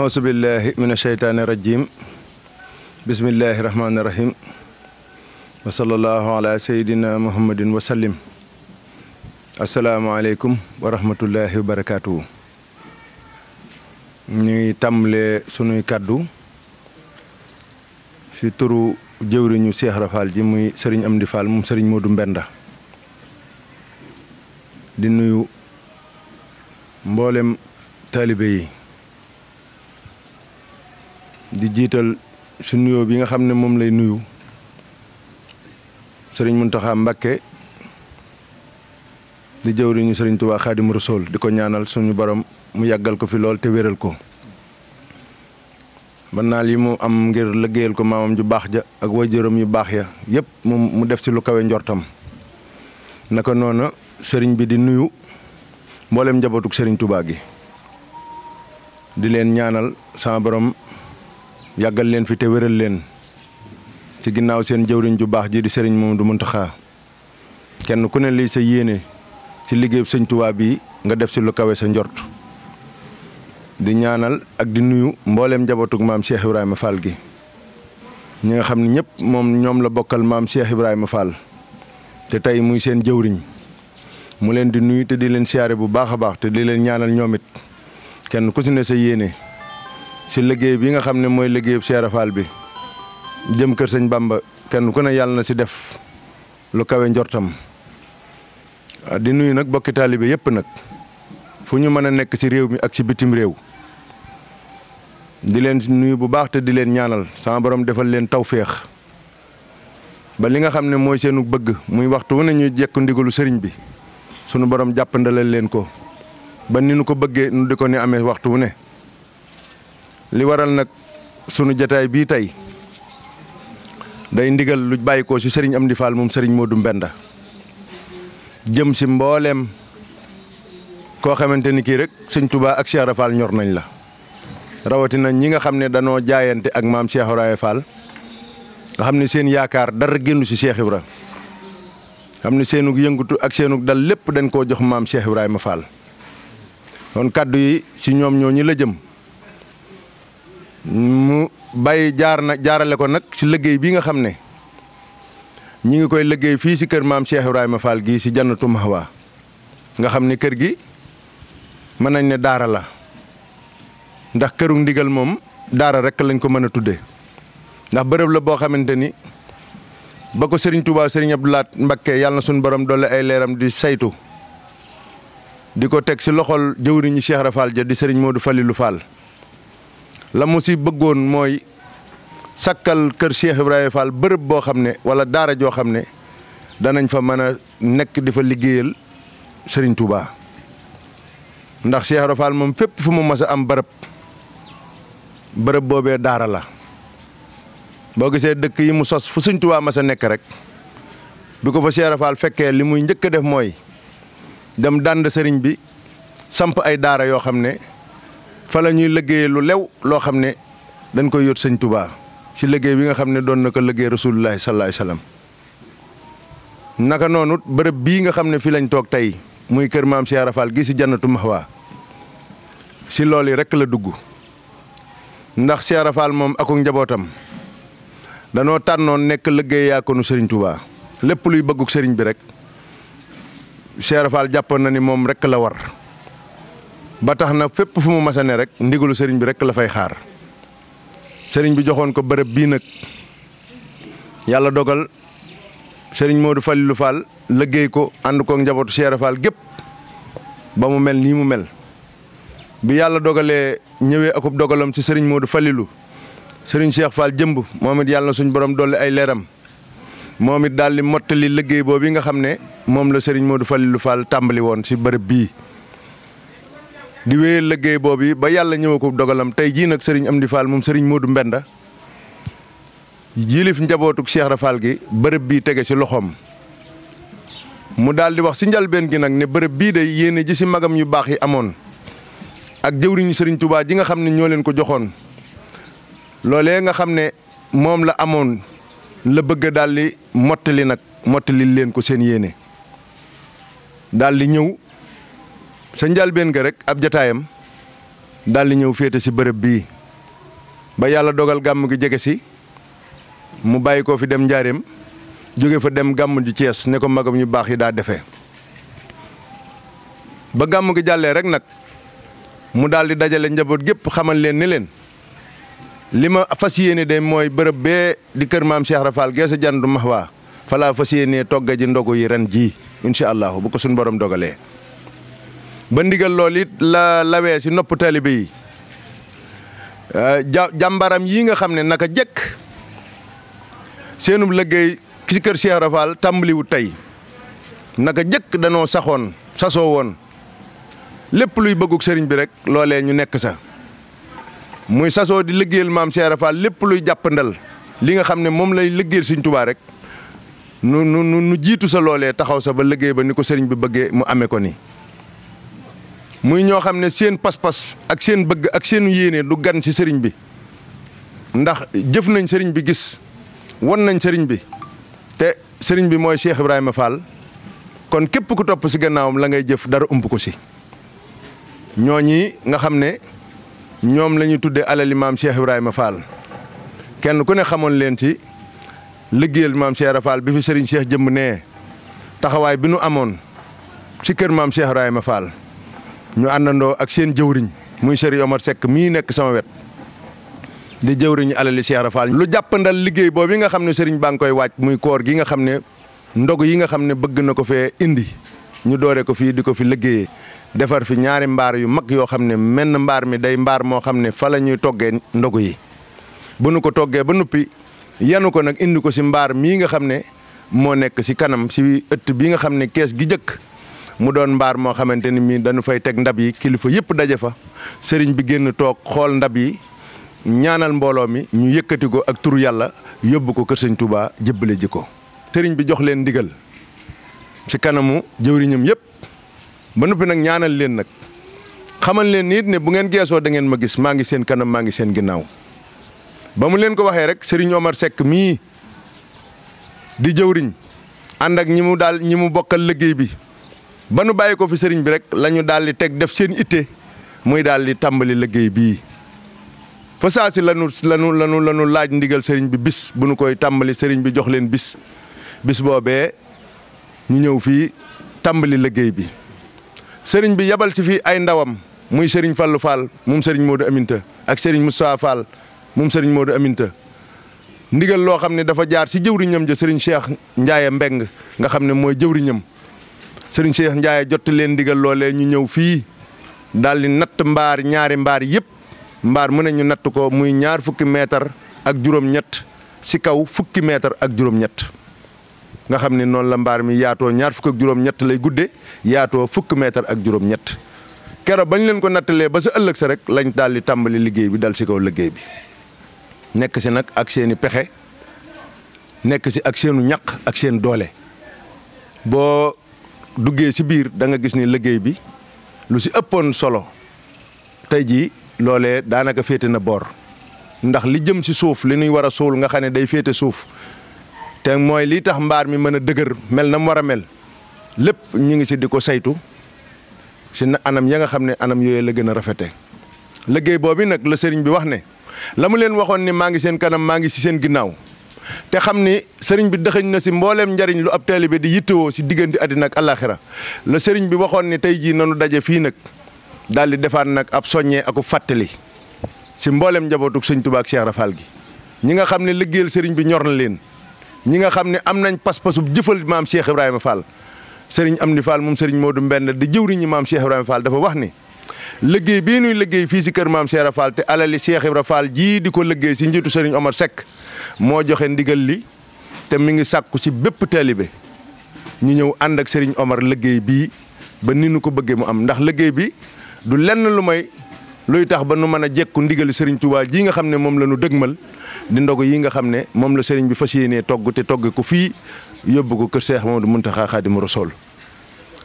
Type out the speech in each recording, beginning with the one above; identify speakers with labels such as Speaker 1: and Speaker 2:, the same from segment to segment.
Speaker 1: ahousu billahi min asheytaani rajim bismillahi rahmaani rahim wa sallallahu ala wa sallim wa barakaatu. ñuy tàmbalee sunuy kàddu ci turu jëwriñu Cheikh Rafal ji muy sëriñ Amdi Fall moom sëriñ Modou Mbenda di nuyu mboolem taalibe yi di jiital su nuyoo bi nga xam ne moom lay nuyu sëriñ Muntaxa Mbakke di jëw jëwriñu sëriñ Tuubaa Xaadimu Rasuul di ko ñaanal suñu borom mu yàggal ko fi lool te wéral ko mën naa li mu am ngir liggéeyal ko maamam ju baax ja ak waajuram yu baax ya yépp mu mu def ci lu kawe njortam naka noona sëriñ bi di nuyu mboolem njabootuk sëriñ Tuubaa gi di leen ñaanal sama borom yàggal leen fi te wéral leen ci ginnaaw seen jëwriñ ju baax ji di sëriñ moom du Mamadou Mountakha kenn ku ne li sa yéene ci liggéey sëñ tubaab yi nga def ci lu kawe sa njort di ñaanal ak di nuyu mbooleem njabootug maam Cheikh Ibrahima Fall gi ñi nga xam ne ñëpp moom ñoom la bokkal maam Cheikh Ibrahima Fall te tey muy seen jëwriñ mu leen di nuyu te di leen siyaare bu baax a baax te di leen ñaanal ñoomit kenn ku ci ne sa yéene. si liggéey bi nga xam ne mooy liggéeyu Cheikh Fall bi jëm kër sañ Bamba kenn ku ne yàlla na ci def lu kawe njortam ah, di nuyu nag bokki taalibe yëpp nag fu ñu mën a nekk ci réew mi ak ci bitim réew di leen nuyu bu baax te di leen ñaanal sama boroom defal leen tawféex ba li nga xam ne mooy seenu bëgg muy waxtu wu ne ñuy jekk ndigalu sëriñ bi sunu borom jàppandalal leen ko ba ni nu ko bëggee nu di ko ni amee waxtu wu ne. li waral nag sunu jataay bii tey day ndigal lu bàyyikoo ko ci Serigne Amdi Fall moom Serigne Modou Mbenda jëm si mbooleem koo xamante ni kii rek Sëñ tubaa ak Cheikh Ibra ñor nañ la rawatina ñi nga xam ne danoo jaayante ak maam Cheikh Ibra Fall nga xam ne seen yaakaar dara génnu ci Cheikh Ibra xam ne seenug yëngutu ak seenug dal lépp dañ koo jox maam Cheikh Ibrahima Fall kon kàddu yi ci ñoom ñoo ñi la jëm. mu bàyyi jaar na jaarale ko nag ci liggéey bi nga xam ne ñi ngi koy liggéey fii ci kër maam Cheikh Ibrahima Fall gii ci Jannatu Mahwa nga xam ni kër gi mën nañ ne daara la ndax këru ndigal moom daara rekk lañ ko mën a tudde ndax bërëb la boo xamante ni ba ko sëriñ Touba Serigne Abdou Lahad yàlla na suñu borom doole ay leeram di saytu di ko teg ci loxol jëwriñu Cheikh Ibra Fall ja di Serigne du Falilou Fall la mu si bëggoon mooy sakkal kër Cheikh Ibrahima bërëb boo xam ne wala daara joo xam ne danañ fa mën a nekk di fa liggéeyal sëriñ Touba ndax Cheikh Ibrahima moom fépp fu mu mës a am bërëb bërëb boobee daara la boo gisee dëkk yi mu sos fu Serigne Touba mës a nekk rek bi ko fa Cheikh Ibrahima fekkee li muy njëkk a def mooy dem dànd sëriñ bi samp ay daara yoo xam ne. fa la ñuy liggéeyee lu lew loo xam ne dañ koy yót sëñ tubaa ci liggéey bi nga xam ne doon na ko liggéey rasulullahi sallallahu alayhi wasallam naka noonu bërëb bii nga xam ne fi lañ toog tey muy kër maam Cheikh Ibra Fall gi ci waa si lool yi rekk la dugg ndax Cheikh Ibra Fall moom akuk njabootam danoo tànnoon nekk liggéey yaakonu sëriñ Touba lépp luy bëgguk sëriñ bi rek Cheikh Ibra jàppoon na ni moom rekk la war ba tax na fépp fu mu masane rek ndigalu sëriñ bi rek la fay xaar sëriñ bi joxoon ko bërëb bii nag yàlla dogal sëriñ Modou Falilou Fall liggéey ko ànd koog njabootu Cheikh Fall gépp ba mu mel nii mu mel bi yàlla dogalee ñëwee akub dogalam ci sëriñ Modou falilu sëriñ Cheikh Fall jëmb moom it yàlla suñ borom dolli ay leeram moom it daal di mottali liggéey boobu yi nga xam ne moom la sëriñ Modou Falilou Fall tàmbali woon si bërëb bii. di wéyal liggéey boobu yi ba yàlla ñëw ko dogalam tey jii nag sëriñ am di Fall moom sëriñ Modou Mbenda jilif njabootuk Cheikh Rafal gi bërëb bii tege ci loxoom mu daldi wax ci njalbeen gi nag ne bërëb bii de yéene ji ci magam yu baax yi amoon ak jëwriñu sëriñ tubaab ji nga xam ne ñoo leen ko joxoon loole nga xam ne moom la amoon la bëgg daal di mottali nag mottali leen ko seen yéene daal ñëw sa njalbeen ga rek ab jataayam daal di ñëw féete si bërëb bii ba yàlla dogal gàmm gi jege si mu bàyyi ko fi dem njaareem jóge fa dem gàmm ju Cees ne ko magam ñu baax yi daa defe ba gàmm gi jàllee rek nag mu daal di dajale njaboot gépp xamal leen ni leen li ma fas yéene de mooy bërëb bee di kër maam Cheikh Rafal geesa jandu max waa falaa fas yéene togga ji ndogu yi ren jii incha allah bu ko suñ borom dogalee ba ndigal loolu it la lawee si nopp taalibe yi euh, ja jàmbaram yi nga xam ne naka jëkk seenu liggéey ci kër Cheikh Rafal tàmbaliwu tey naka jëkk danoo saxoon sasoo woon lépp luy bëggug sëriñ bi rek loolee ñu nekk sa muy sasoo di liggéeyal maam Cheikh Rafal lépp luy jàppandal li nga xam ne moom lay liggéeyal Sëriñ Tuubaa rek nu nu nu jiitu sa loolee taxaw sa ba liggéey ba ni ko sëriñ bi bëggee mu amee ko ni muy ñoo xam ne seen pas-pas ak seen bëgg ak seen yéene du gan ci sëriñ bi ndax jëf nañ sëriñ bi gis won nañ sëriñ bi te sëriñ bi mooy Cheikh Ibrahima Fall kon képp ku topp ci gannaawam la ngay jëf dara ump ko si ñoo ñi nga xam ne ñoom lañuy ñuy tuddee alali maam Cheikh Ibrahima Fall kenn ku ne xamoon leen ci liggéeyal maam Cheikh Ibra Fall bi fi sëriñ Cheikh jëmm nee taxawaay bi nu amoon ci kër maam Cheikh Ibrahima Fall ñu àndandoo ak seen jëwriñ muy Serigne Omar Seck mii nekk sama wet di jëwriñu alali Cheikh Ibra lu jàppandal liggéey boobu yi nga xam ne Serigne baa ngi koy waaj muy koor gi nga xam ne ndog yi nga xam ne bëgg na ko fee indi ñu doore ko fii di ko fi liggéeyee defar fi ñaari mbaar yu mag yoo xam ne menn mbaar mi day mbaar moo xam ne fa la ñuy toggee ndogu yi bu nu ko toggee ba noppi yanu ko nag indi ko si mbaar mii nga xam ne moo nekk si kanam si ëtt bi nga xam ne kees gi jëkk mu doon mbaar moo xamante ni mii dañu fay teg ndab yi kilifa yëpp daje fa sëriñ bi génn toog xool ndab yi ñaanal mbooloo mi ñu yëkkati ko ak turu yàlla yóbbu ko kër sëñ Touba ji ko. sëriñ bi jox leen digal ci kanamu jëwriñam yëpp ba noppi nag ñaanal leen nag xamal leen nit ne bu ngeen geesoo da ngeen ma gis maa ngi seen kanam maa ngi seen ginnaaw ba mu leen ko waxee rek sëriñ Omar sekk mii di jëwriñ ànd ak ñi mu daal ñi mu bokkal liggéey bi. ba nu bàyyi ko fi sëriñ bi rek lañu ñu daal di teg def seen itte muy daal di tàmbali liggéey bii fa saa si lanu lanu lanu laaj ndigal sëriñ bi bis bu nu koy tàmbali sëriñ bi jox leen bis bis boobee ñu ñëw fii tàmbali liggéey bi sëriñ bi yabal si fii ay ndawam muy sëriñ Fallou Fall moom sëriñ Modou Aminta ak sëriñ Moussa Fall moom sëriñ Modou Aminta ndigal loo xam ne dafa jaar si jëwriñam ja sëriñ Cheikh Ndiaye Mbeng nga xam ne mooy jëwriñam sëriñ Cheikh Ndiaye jotti leen ndigal loolee ñu ñëw fii daal di natt mbaar ñaari mbaar yëpp mbaar mu ne ñu natt ko muy ñaar fukki meetar ak juróom-ñett si kaw fukki meetar ak juróom-ñett nga xam ne noonu la mbaar mi yaatoo ñaar fukk ak juróom-ñett lay gudde yaatoo fukki meetar ak juróom-ñett kero bañ leen ko nattalee ba sa ëllëg sa rek lañ daal di tàmbali liggéey bi dal si kaw liggéey bi nekk si nag ak seeni pexe nekk si ak seenu ñaq ak seen doole duggee si biir danga gis ni liggéey bi lu si ëppoon solo tey jii loole daanaka féete na boor ndax li jëm si suuf li nuy war a suul nga xam ne day féete suuf te mooy li tax mbaar mi mën a dëgër mel na mu war a mel lépp ñu ngi ci di ko saytu ci na anam ya nga xam ne anam yooyu la gën a rafete liggéey boobu nag la sëriñ bi wax ne la mu leen waxoon ni maa ngi seen kanam maa ngi ci seen ginnaaw te xam ni sëriñ bi dëxëñ na si mbooleem njariñ lu ab taalibe di yittewoo si diggante àddina ak àllaaxira la sëriñ bi waxoon ni tey jii nanu daje fii nag daal di defaat nag ab soññee aku fàttali si mbooleem njabootug sëñ Tuubaa ak Cheikh Rafal gi ñi nga xam ne liggéeyal sëriñ bi ñor na leen ñi nga xam ne am nañ pas-pasub jëfal maam Cheikh Ibrahima Fall am ni Fall moom sëriñ Modou Mbenn di jëwriñi maam Cheikh Ibrahima dafa wax ni liggéey bii nuy liggéey fii si kër maam Cheikh Ibra Fall te alali jii di ko liggéey si njiitu sëriñ Omar Seck moo joxe ndigal li te mi ngi sàkku ci bépp taalibe ñu ñëw ànd ak sëriñ Omar liggéey bi ba ni nu ko bëggee mu am ndax liggéey bi du lenn lu may luy tax ba nu mën a jekku ndigal Serigne Touba jii nga xam ne moom la nu dëgmal di ndogu yi nga xam ne moom la sëriñ bi fas yéenee togg te togg ko fii yóbbu ko kër Seex Mamadu Muntaxa Xaadimu Rasuul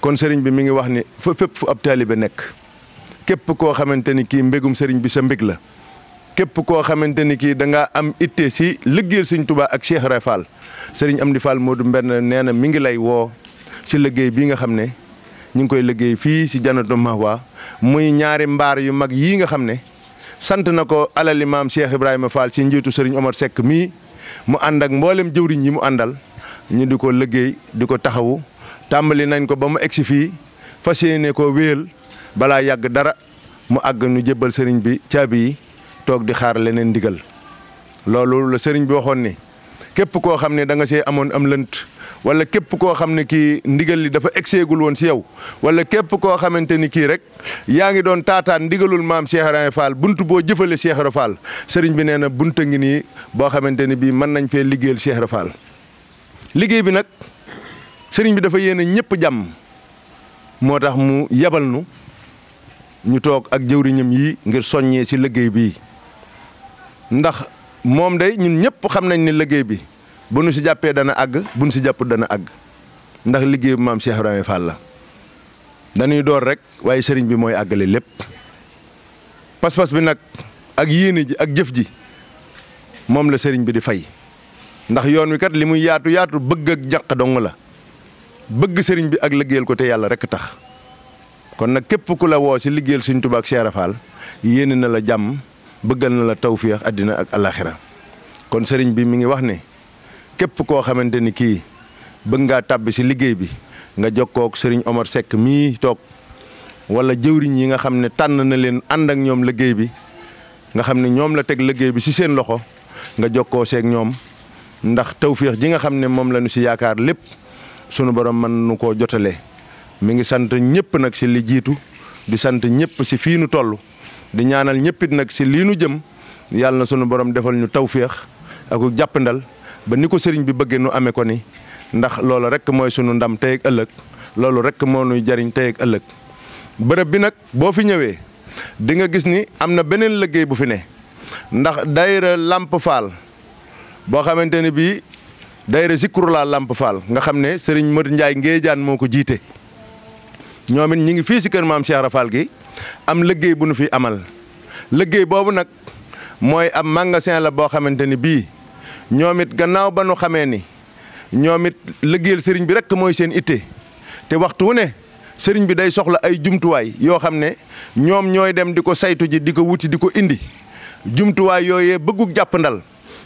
Speaker 1: kon sëriñ bi mi ngi wax ni fa fépp fu ab taalibe nekk képp koo xamante ni kii mbégum sëriñ bi sa mbég la. képp koo xamante ni kii da ngaa am itte si liggéeyal sëñ Tuubaa ak Cheikh Ibra am sëriñ Amdi Fall Modou Mbenn nee na mi ngi lay woo ci liggéey bii nga xam ne ñu ngi koy liggéey fii si Jannatul Mahwa muy ñaari mbaar yu mag yii nga xam ne sant na ko alali maam Cheikh njiitu sëriñ Omar sekk mii mu ànd ak mboolem jëwriñ yi mu àndal ñu di ko liggéey di ko taxawu tàmbali nañ ko ba mu egsi fii fas yéene ko wéyal balaa yàgg dara mu àgg nu jébbal sëriñ bi caabi yi. toog di xaar leneen ndigal loolu la sëriñ bi waxoon ni képp koo xam ne danga see amoon am lënt wala képp koo xam ne kii ndigal li dafa egseegul woon si yow wala képp koo xamante ni kii rek yaa ngi doon taataan ndigalul maam Cheikh Ibra Fall bunt boo jëfale Cheikh Ibra sëriñ bi nee na bunt ngi nii boo xamante ni bii mën nañ fee liggéeyal Cheikh Ibra liggéey bi nag sëriñ bi dafa yéene ñëpp jàmm moo tax mu yebal nu ñu toog ak jëwriñam yi ngir soññee si liggéey bii ndax moom de ñun ñëpp xam nañ ni liggéey bi bu nu si jàppee dana àgg bu nu si jàpp dana àgg ndax liggéey bi maam Cheikh Ibrahima la dañuy door rek waaye sëriñ bi mooy àggale lépp pas-pas bi nag ak yéene ji ak jëf ji moom la sëriñ bi di fay ndax yoon wi kat li muy yaatu yaatu bëgg ak jàq dong la bëgg sëriñ bi ak liggéeyal ko te yàlla rek tax kon nag képp ku la woo ci liggéeyal Sëriñ Tuubaa ak Cheikh yéene na la jàmm. bëggal na la tawféex àddina ak alaxira kon sëriñ bi mi ngi wax ne képp koo xamante ni kii bëgg ngaa tàbbi si liggéey bi nga jog jokkook sëriñ Omar Seck mii toog wala jëwriñ yi nga xam ne tànn na leen ànd ak ñoom liggéey bi nga xam ne ñoom la teg liggéey bi si seen loxo nga jog koo seek ñoom ndax tawféex ji nga xam ne moom la ñu si yaakaar lépp sunu borom mën nu koo jotalee mi ngi sant ñëpp nag si li jiitu di sant ñëpp si fii nu toll. di ñaanal ñëppit nag si lii nu jëm yàlla sunu borom defal ñu tawféex ak jàppandal ba ni ko sëriñ bi bëggee nu amee ko ni ndax loolu rek mooy sunu ndam tey ak ëllëg loolu rek moo nuy jariñ tey ak ëllëg bërëb bi nag boo fi ñëwee dinga gis ni am na beneen liggéey bu fi ne ndax daayira Lamp Fall boo xamante ne bii daayira Zikrullah Lamp Fall nga xam ne sëriñ Mër Njaay ngee Ngéejaan moo ko jiite ñoom it ñi ngi fii si kër maam Cheikh Rafal gi am liggéey bu nu fi amal liggéey boobu nag mooy ab magasin la boo xamante ni bii ñoom it gannaaw ba nu xamee ni ñoom it liggéeyal sëriñ bi rek mooy seen itte te waxtu wu ne sëriñ bi day soxla ay jumtuwaay yoo xam ne ñoom ñooy dem di ko saytu ji di ko wuti di ko indi jumtuwaay yooyee bëggug jàppandal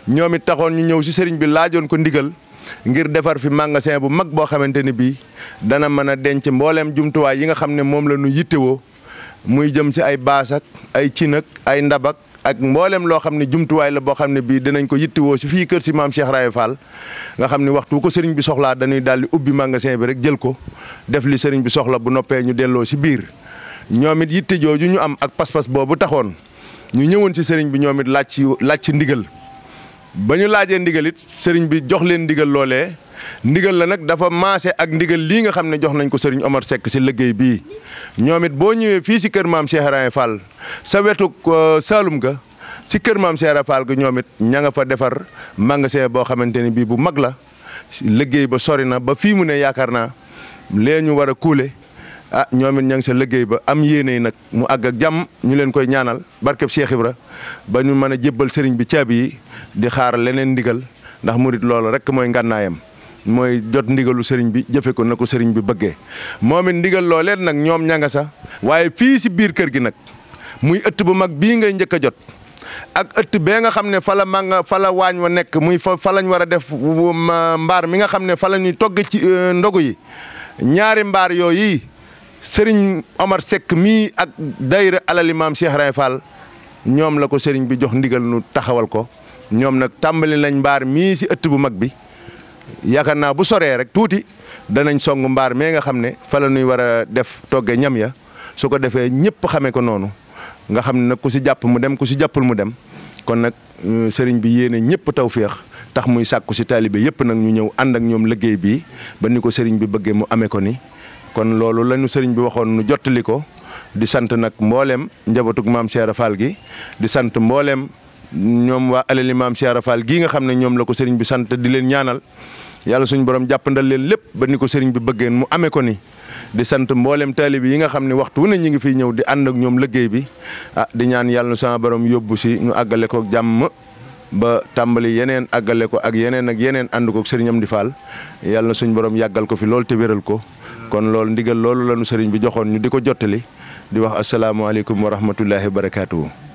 Speaker 1: ñoom it taxoon ñu ñëw si sëriñ bi laajoon ko ndigal ngir defar fi magasin bu mag boo xamante ni bii dana mën a denc mbooleem jumtuwaay yi nga xam ne moom la ñu yittewoo muy jëm si ay baas ay cin ak ay ndabak ak mboolem loo xam ne jumtuwaay la boo xam ne bii dinañ ko yittewoo si fii kër si maam Cheikh Raye nga xam ne waxtu ko sëriñ bi soxlaa dañuy daal di ubbi magasin bi rek jël ko def li sëriñ bi soxla bu noppee ñu delloo si biir ñoomit it yitte jooju ñu am ak pas-pas boobu taxoon ñu ñëwoon si sëriñ bi ñoomit it laaj ci laaj ci ndigal ba ñu laajee ndigal it sëriñ bi jox leen ndigal loolee ndigal la nag dafa maase ak ndigal lii nga xam ne jox nañ ko sëriñ Omar Seck si liggéey bii ñoomit boo ñëwee fii si kër maam Cheikh Ibra Fall sa wetu Saalum ga si kër maam Cheikh Ibra ga ñoomit it ña nga fa defar magasin boo xamante ni bii bu mag la liggéey ba sori na ba fii mu ne yaakaar naa lee ñu war a kuule ah ñoomit it ña ngi sa liggéey ba am yéene nag mu àgg ak jàmm ñu leen koy ñaanal barkeb Cheikh Ibra ba ñu mën a jébbal sëriñ bi caabi yi di xaaral leneen ndigal ndax murit loolu rek mooy ngànnaayam mooy jot ndigalu sëriñ bi jëfe ko na ko sëriñ bi bëggee moom it ndigal loolee nag ñoom ña nga waaye fii si biir kër gi nag muy ëtt bu mag bii ngay njëkk a jot ak ëtt bee nga xam ne fala la ma waañ wa nekk muy fa fa lañ war a def mbaar mi nga xam ne fa la ñuy togg ci euh, ndogu yi ñaari mbaar yooyu sëriñ Omar Seck mii ak dayra alali maam Cheikh Ray ñoom la ko sëriñ bi jox ndigal nu taxawal ko ñoom nag tàmbali nañ mbaar mii si ëtt bu mag bi yaakaar naa bu soree rek tuuti danañ song mbaar mee nga xam ne fa la ñuy war a def togge ñam ya su ko defee ñëpp xamee ko noonu nga xam ne nag ku si jàpp mu dem ko si jàppul mu dem kon nag euh, sëriñ bi yéene ñëpp tawféex tax muy sàkku si taalibe yëpp nag ñu ñëw ànd ak ñoom liggéey bi ba ni ko sëriñ bi bëggee mu amee ko ni kon loolu la sëriñ bi waxoon nu jottali ko di sant nag mbooleem njabootug maam Cheikh Fall gi di sant mboolem. ñoom waa alali maam Cheikh Fall gii nga xam ne ñoom la ko sëriñ bi sant di leen ñaanal yàlla suñu borom jàppandal leen lépp ba ni ko sëriñ bi bëggeen mu amee ko ni di sant mboolem taalib yi nga xam ne waxtu wu ne ñu ngi fiy ñëw di ànd ak ñoom liggéey bi ah di ñaan yàlla nu sama borom yóbbu si ñu àggale ko jàmm ba tàmbali yeneen àggale ko ak yeneen ak yeneen ànd ko sëriñam di Fall yàlla suñu borom yàggal ko fi loolu te wéral ko kon loolu ndigal loolu la sëriñ bi joxoon ñu di ko jottali di wax asalaamaaleykum wa rahmatullahi wa barakaatuhu